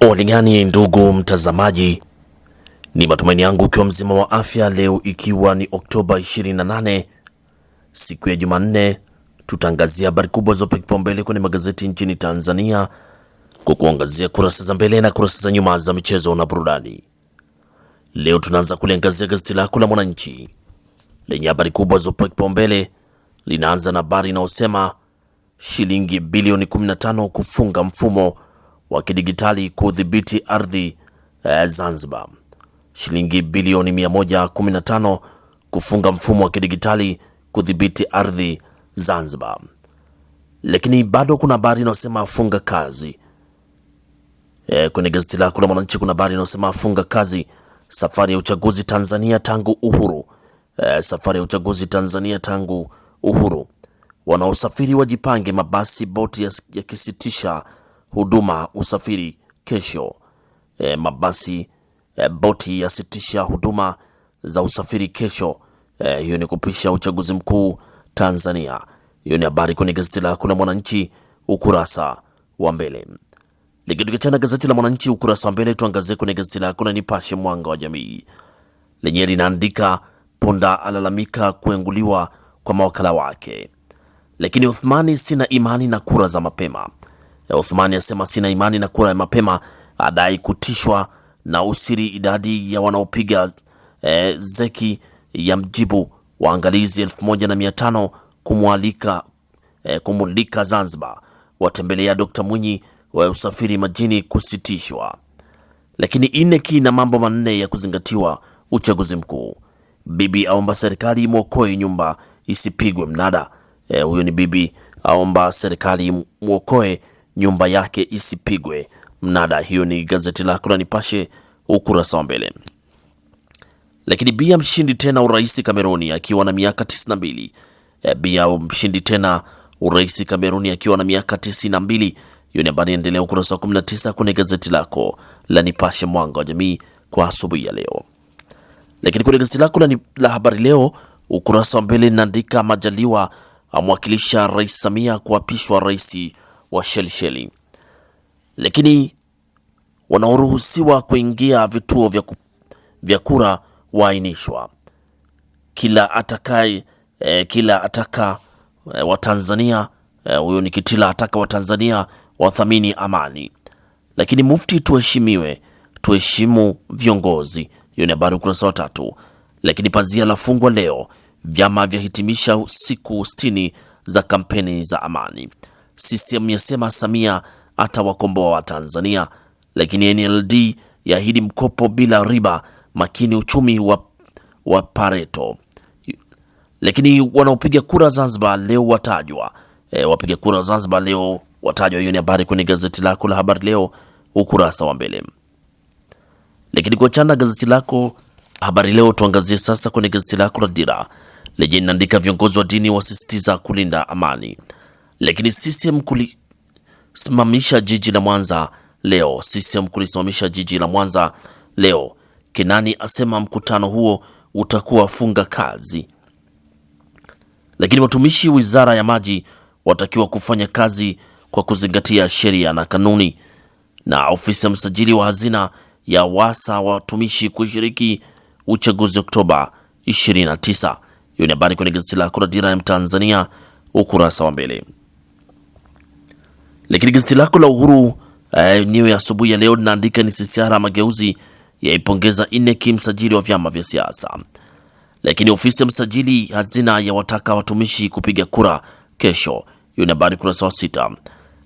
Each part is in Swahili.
Waligani ndugu mtazamaji, ni matumaini yangu ukiwa mzima wa afya leo, ikiwa ni Oktoba 28 siku ya Jumanne, tutaangazia habari kubwa zopa kipaumbele kwenye magazeti nchini Tanzania kwa kuangazia kurasa za mbele na kurasa za nyuma za michezo na burudani. Leo tunaanza kuliangazia gazeti lako la Mwananchi lenye habari kubwa zopa kipaumbele, linaanza na habari inayosema shilingi bilioni 15 kufunga mfumo wa kidigitali kudhibiti ardhi eh, Zanzibar. Shilingi bilioni 115 kufunga mfumo wa kidigitali kudhibiti ardhi Zanzibar. Lakini bado kuna habari inayosema funga kazi e, kwenye gazeti lako la Mwananchi kuna habari inayosema funga kazi safari ya uchaguzi Tanzania tangu uhuru. E, safari ya uchaguzi Tanzania tangu uhuru, wanaosafiri wajipange, mabasi boti ya, ya kisitisha huduma usafiri kesho. E, mabasi e, boti yasitisha huduma za usafiri kesho. E, hiyo ni kupisha uchaguzi mkuu Tanzania. Hiyo ni habari kwenye gazeti la kuna Mwananchi ukurasa wa mbele. Likitukachana gazeti la Mwananchi ukurasa wa mbele, tuangazie kwenye gazeti la kuna Nipashe mwanga wa jamii, lenyewe linaandika Ponda alalamika kuenguliwa kwa mawakala wake, lakini Uthmani sina imani na kura za mapema ya Uthmani asema sina imani na kura ya mapema, adai kutishwa na usiri. Idadi ya wanaopiga e, zeki ya mjibu waangalizi elfu moja na mia tano kumwalika e, kumulika Zanzibar, watembelea Dr. Mwinyi wa usafiri majini kusitishwa. Lakini INEC na mambo manne ya kuzingatiwa uchaguzi mkuu. Bibi aomba serikali imwokoe nyumba isipigwe mnada. E, huyo ni bibi aomba serikali mwokoe nyumba yake isipigwe mnada. Hiyo ni gazeti lako la Nipashe ukurasa wa mbele. Lakini Bia mshindi tena urais Kameruni akiwa na miaka 92. Eh, Bia mshindi tena urais Kameruni akiwa na miaka 92. Hiyo ni habari endelea ukurasa wa 19 kwenye gazeti lako la Nipashe mwanga wa jamii kwa asubuhi ya leo. Lakini kwenye gazeti lako la, la habari leo ukurasa wa mbele linaandika Majaliwa amwakilisha Rais Samia kuapishwa rais wa lakini wanaoruhusiwa kuingia vituo vya kura waainishwa. Kila atakaye eh, kila ataka eh, Watanzania eh, huyo eh, ni Kitila ataka Watanzania wathamini amani, lakini mufti tuheshimiwe, tuheshimu viongozi. Hiyo ni habari ukurasa wa tatu. Lakini pazia la fungwa leo, vyama vyahitimisha siku sitini za kampeni za amani. CCM yasema Samia atawakomboa wa Tanzania. lakini NLD yaahidi mkopo bila riba, makini uchumi wa, wa Pareto. Lakini wanaopiga kura Zanzibar leo watajwa e, wapiga kura Zanzibar leo watajwa. Hiyo ni habari kwenye gazeti lako la habari leo ukurasa wa mbele. Lakini kwa chana gazeti lako habari leo, tuangazie sasa kwenye gazeti lako la Dira lenye linaandika viongozi wa dini wasisitiza kulinda amani lakini CCM kulisimamisha jiji la Mwanza leo. CCM kulisimamisha jiji la Mwanza leo. Kenani asema mkutano huo utakuwa funga kazi, lakini watumishi wizara ya maji watakiwa kufanya kazi kwa kuzingatia sheria na kanuni. Na ofisi ya msajili wa hazina ya wasa watumishi kushiriki uchaguzi Oktoba 29. Hiyo ni habari kwenye gazeti la la Dira ya Mtanzania ukurasa wa mbele. Lakini gazeti lako la Uhuru eh, niwe ya asubuhi ya leo linaandika ni CCR mageuzi yaipongeza INEC msajili wa vyama vya siasa. Lakini ofisi ya msajili hazina yawataka watumishi kupiga kura kesho, hiyo ni habari kurasa wa sita.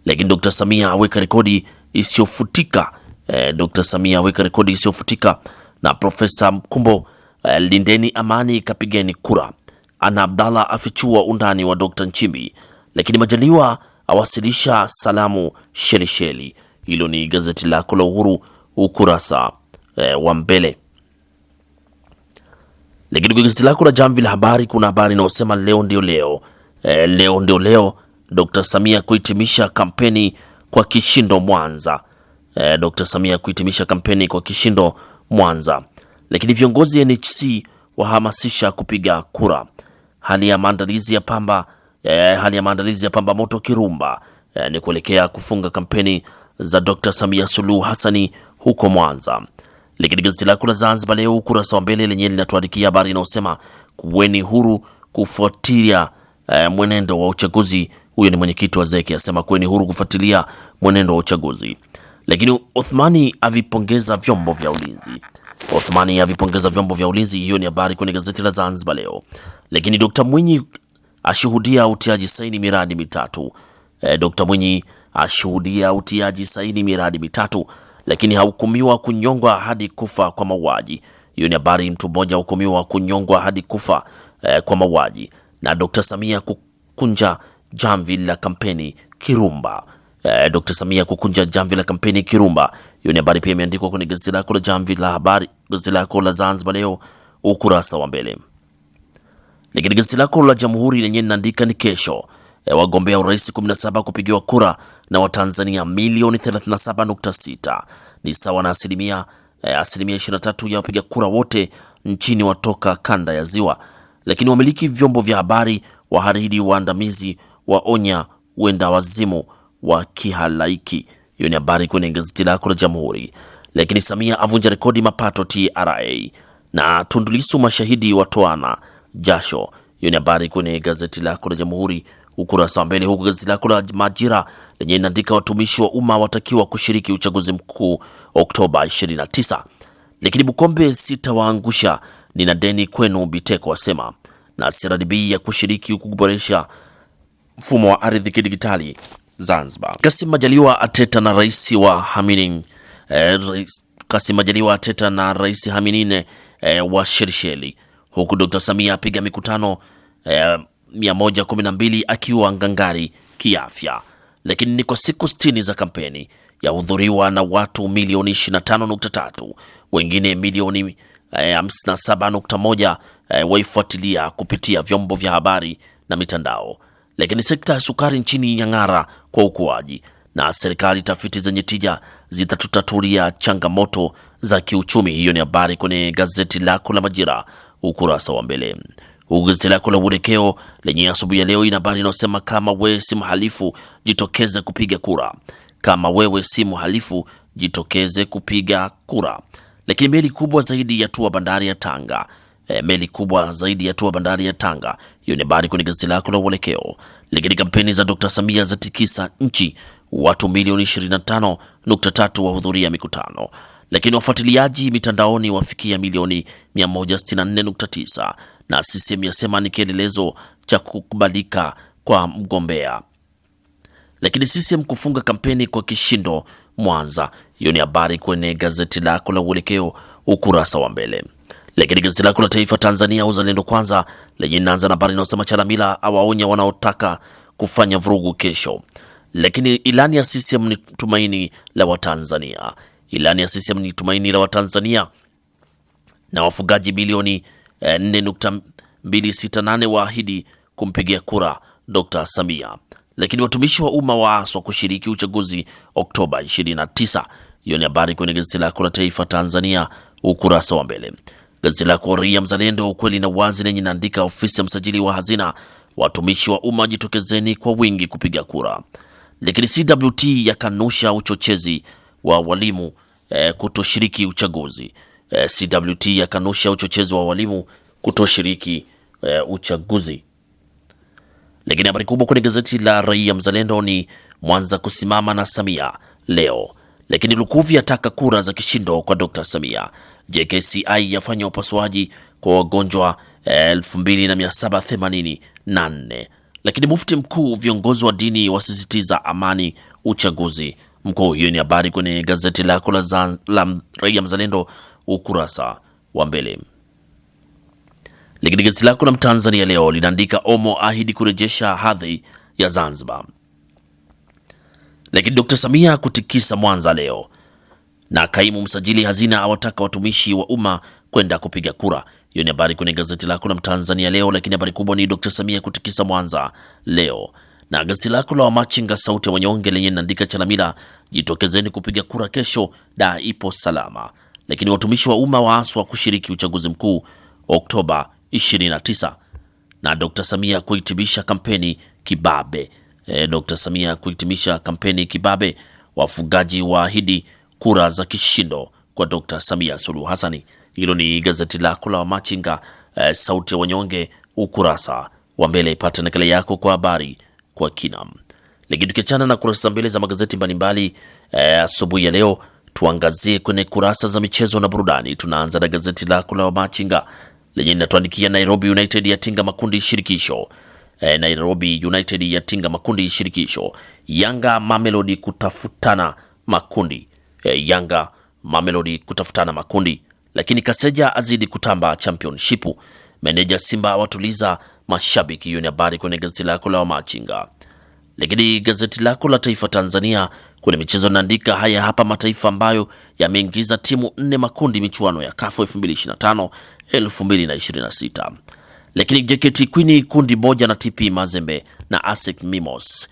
Lakini Dr. Samia aweka rekodi isiyofutika eh, Dr. Samia aweka rekodi isiyofutika na Profesa Mkumbo eh, lindeni amani kapigeni kura. Ana Abdalla afichua undani wa Dr. Nchimbi. Lakini Majaliwa awasilisha salamu Shelisheli. Hilo ni gazeti lako la Uhuru ukurasa e, wa mbele. Lakini kwa gazeti lako la Jamvi la Habari kuna habari inayosema leo ndio leo, e, leo ndio leo, Dr. Samia kuhitimisha kampeni kwa kishindo Mwanza. E, eh, Dr. Samia kuhitimisha kampeni kwa kishindo Mwanza. Lakini viongozi NHC wahamasisha kupiga kura. Hali ya maandalizi ya pamba eh, hali ya maandalizi ya pamba moto Kirumba eh, ni kuelekea kufunga kampeni za Dr. Samia Suluhu Hassani huko Mwanza. Lakini gazeti lako la Zanzibar leo ukurasa wa mbele lenyewe linatuandikia habari inayosema kuweni huru kufuatilia eh, mwenendo wa uchaguzi. Huyo ni mwenyekiti wa ZEC asema kuweni huru kufuatilia mwenendo wa uchaguzi. Lakini Uthmani avipongeza vyombo vya ulinzi. Uthmani avipongeza vyombo vya ulinzi. Hiyo ni habari kwenye gazeti la Zanzibar leo. Lakini Dr. Mwinyi ashuhudia utiaji saini miradi mitatu. E, eh, Dr. Mwinyi ashuhudia utiaji saini miradi mitatu, lakini hahukumiwa kunyongwa hadi kufa kwa mauaji. Hiyo ni habari, mtu mmoja hukumiwa kunyongwa hadi kufa e, kwa mauaji. Na Dr. Samia kukunja jamvi la kampeni Kirumba. E, eh, Dr. Samia kukunja jamvi la kampeni Kirumba. Hiyo ni habari pia imeandikwa kwenye gazeti lako la jamvi la habari, gazeti lako la Zanzibar leo ukurasa wa mbele. Lakini gazeti lako la Jamhuri lenye linaandika ni kesho e, wagombea urais 17 kupigiwa kura na Watanzania milioni 37.6 ni sawa na asilimia e, asilimia 23 ya wapiga kura wote nchini watoka kanda ya Ziwa. Lakini wamiliki vyombo vya habari wahariri waandamizi waonya wenda wazimu wa kihalaiki. Hiyo ni habari kwenye gazeti lako la Jamhuri. Lakini Samia avunja rekodi mapato TRA na Tundulisu mashahidi watoana jasho. Hiyo ni habari kwenye gazeti lako la Jamhuri ukurasa wa mbele, huku gazeti lako la Majira lenye inaandika watumishi wa umma watakiwa kushiriki uchaguzi mkuu Oktoba 29. Lakini Bukombe sitawaangusha, nina deni kwenu, Biteko wasema, na CRDB ya kushiriki kuboresha mfumo wa ardhi kidigitali Zanzibar. Kassim Majaliwa ateta na rais wa Haminin, eh, Kassim Majaliwa ateta na rais Haminine eh, wa Shelisheli huku Dr. Samia apiga mikutano eh, 112 akiwa ngangari kiafya, lakini ni kwa siku 60 za kampeni yahudhuriwa na watu milioni 25.3, wengine milioni 57.1 eh, eh, waifuatilia kupitia vyombo vya habari na mitandao. Lakini sekta ya sukari nchini nyang'ara kwa ukuaji na serikali, tafiti zenye tija zitatutatulia changamoto za kiuchumi. Hiyo ni habari kwenye gazeti lako la Majira ukurasa wa mbele. Huku gazeti lako la Uelekeo lenye asubuhi ya leo ina habari inayosema kama wewe si mhalifu jitokeze kupiga kura, kama wewe si mhalifu jitokeze kupiga kura. Lakini meli kubwa zaidi yatua bandari ya Tanga. E, meli kubwa zaidi ya tua bandari ya Tanga. Hiyo ni habari kwenye gazeti lako la Uelekeo. Lakini kampeni za Dr. Samia za tikisa nchi, watu milioni 25.3 wahudhuria mikutano lakini wafuatiliaji mitandaoni wafikia milioni 164.9 na CCM yasema ni kielelezo cha kukubalika kwa mgombea. Lakini CCM kufunga kampeni kwa kishindo Mwanza. Hiyo ni habari kwenye gazeti lako la Uelekeo ukurasa wa mbele. Lakini gazeti lako la Taifa Tanzania Uzalendo Kwanza lenye inaanza na habari inayosema Chalamila awaonya wanaotaka kufanya vurugu kesho. Lakini ilani ya CCM ni tumaini la Watanzania. Ilani ya CCM ni tumaini la Watanzania na wafugaji bilioni 4.268 eh, waahidi kumpigia kura Dr. Samia. Lakini watumishi wa umma waaswa kushiriki uchaguzi Oktoba 29. Hiyo ni habari kwenye gazeti lako la Taifa Tanzania ukurasa wa mbele. Gazeti lako ria Mzalendo, ukweli na wazi, lenye inaandika ofisi ya msajili wa hazina, watumishi wa umma jitokezeni kwa wingi kupiga kura. Lakini CWT yakanusha uchochezi wa walimu eh, kutoshiriki uchaguzi. Eh, CWT yakanusha uchochezi wa walimu kutoshiriki eh, uchaguzi. Lakini habari kubwa kwenye gazeti la Raia Mzalendo ni Mwanza kusimama na Samia leo, lakini Lukuvi ataka kura za kishindo kwa Dr. Samia. JKCI yafanya upasuaji kwa wagonjwa 2784 eh, lakini mufti mkuu, viongozi wa dini wasisitiza amani uchaguzi mkuu. Hiyo ni habari kwenye gazeti lako la, Raia Mzalendo ukurasa wa mbele. Lakini gazeti lako la Mtanzania leo linaandika Omo ahidi kurejesha hadhi ya Zanzibar, lakini Dr. Samia kutikisa Mwanza leo, na kaimu msajili hazina awataka watumishi wa umma kwenda kupiga kura. Hiyo ni habari kwenye gazeti lako la Mtanzania leo, lakini habari kubwa ni Dr. Samia kutikisa Mwanza leo. Na gazeti lako la Wamachinga sauti ya wanyonge lenye inaandika Chalamila, jitokezeni kupiga kura kesho, da ipo salama. Lakini watumishi wa umma waaswa kushiriki uchaguzi mkuu Oktoba 29, na Dr. Samia kuhitimisha kampeni kibabe. E, Dr. Samia kuhitimisha kampeni kibabe. Wafugaji waahidi kura za kishindo kwa Dr. Samia Suluhu Hassan. Hilo ni gazeti lako la Wamachinga e, sauti ya wanyonge ukurasa wa mbele. Ipate nakala yako kwa habari kwa kina. Lakini tukiachana na kurasa za mbele za magazeti mbalimbali eh, asubuhi e, ya leo, tuangazie kwenye kurasa za michezo na burudani. Tunaanza na gazeti lako la Wamachinga lenye linatuandikia Nairobi United yatinga makundi shirikisho. E, Nairobi United yatinga makundi shirikisho. Yanga Mamelodi kutafutana makundi. E, Yanga Mamelodi kutafutana makundi. Lakini Kaseja azidi kutamba championship. Meneja Simba watuliza mashabiki. Hiyo ni habari kwenye gazeti lako la Wamachinga. Lakini gazeti lako la Taifa Tanzania kwenye michezo naandika haya hapa, mataifa ambayo yameingiza timu nne makundi michuano ya kafu 2025 2026. Lakini JKT Queen kundi moja na TP Mazembe na ASEC Mimos.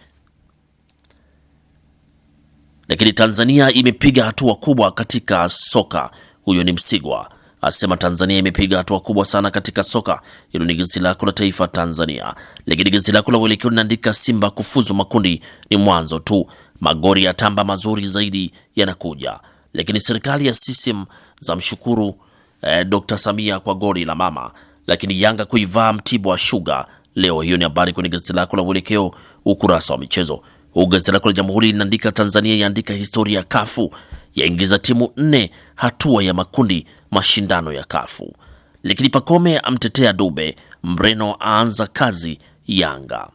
Lakini Tanzania imepiga hatua kubwa katika soka, huyo ni Msigwa asema Tanzania imepiga hatua kubwa sana katika soka. Hilo ni gazeti lako la Taifa Tanzania. Lakini gazeti lako la Uelekeo linaandika Simba kufuzu makundi ni mwanzo tu, magori ya tamba mazuri zaidi yanakuja. Lakini serikali ya CCM za mshukuru eh, Dr. Samia kwa gori la mama. Lakini Yanga kuivaa Mtibwa Sugar leo. Hiyo ni habari kwenye gazeti lako la Uelekeo ukurasa wa michezo. Gazeti lako la Jamhuri linaandika Tanzania yaandika historia, kafu yaingiza timu nne hatua ya makundi mashindano ya Kafu. Lakini Pakome amtetea Dube, Mreno aanza kazi Yanga.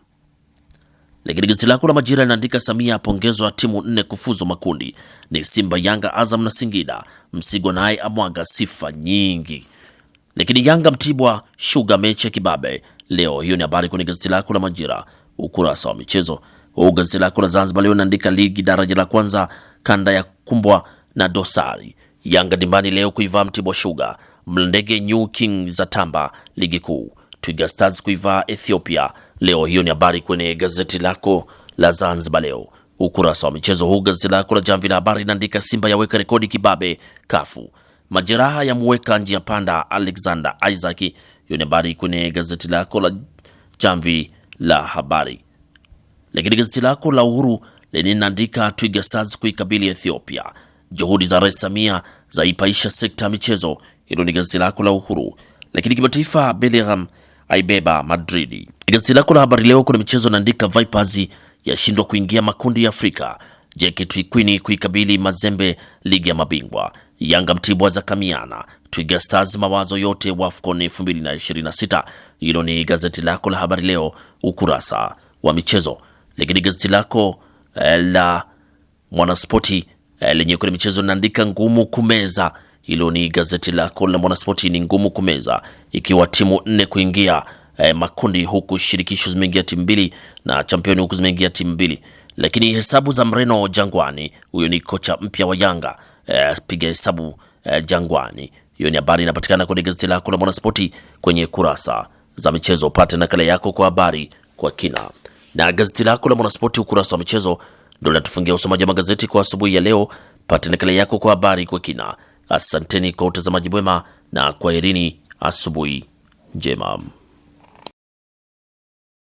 Lakini gazeti lako la Majira linaandika Samia apongezwa timu nne kufuzu makundi ni Simba, Yanga, Azam na Singida. Msigwa naye amwaga sifa nyingi. Lakini Yanga Mtibwa shuga mechi ya kibabe leo. Hiyo ni habari kwenye gazeti lako la Majira ukurasa wa michezo. Huu gazeti lako la Zanzibar leo linaandika ligi daraja la kwanza kanda ya kumbwa na dosari Yanga dimbani leo kuivaa Mtibwa Sugar. Mlandege New King za tamba ligi kuu. Twiga Stars kuivaa Ethiopia leo. Hiyo ni habari kwenye gazeti lako la Zanzibar leo ukurasa wa michezo huu. Gazeti lako la Jamvi la Habari inaandika Simba yaweka rekodi kibabe kafu, majeraha yamuweka njia panda Alexander Isaac. Hiyo ni habari kwenye gazeti lako la Jamvi la Habari. Lakini gazeti lako la Uhuru inaandika Twiga Stars kuikabili Ethiopia Juhudi za Rais Samia zaipaisha sekta ya michezo. Hilo ni gazeti lako la Uhuru. Lakini kimataifa, Bellingham aibeba Madridi. Gazeti lako la Habari Leo kuna michezo naandika Vipers yashindwa kuingia makundi ya Afrika, JK Twikwini kuikabili Mazembe ligi ya mabingwa, Yanga Mtibwa za kamiana, Twiga Stars mawazo yote WAFCON 2026. Hilo ni gazeti lako la Habari Leo ukurasa wa michezo. Lakini gazeti lako eh, la Mwanaspoti Eh, lenye kwenye michezo linaandika ngumu kumeza. Hilo ni gazeti lako la Mwanaspoti, ni ngumu kumeza, ikiwa timu nne kuingia eh, makundi, huku shirikisho zimeingia timu mbili na championi huku zimeingia timu mbili, lakini hesabu za Mreno Jangwani, huyo ni kocha mpya wa Yanga eh, piga hesabu eh, Jangwani. Hiyo ni habari inapatikana kwenye gazeti lako la Mwanaspoti kwenye kurasa za michezo. Pate nakala yako kwa habari kwa kina na gazeti lako la Mwanaspoti ukurasa wa michezo ndo linatufungia usomaji wa magazeti kwa asubuhi ya leo. pate nakala yako kwa habari kwa kina. Asanteni kwa utazamaji mwema na kwaherini, asubuhi njema.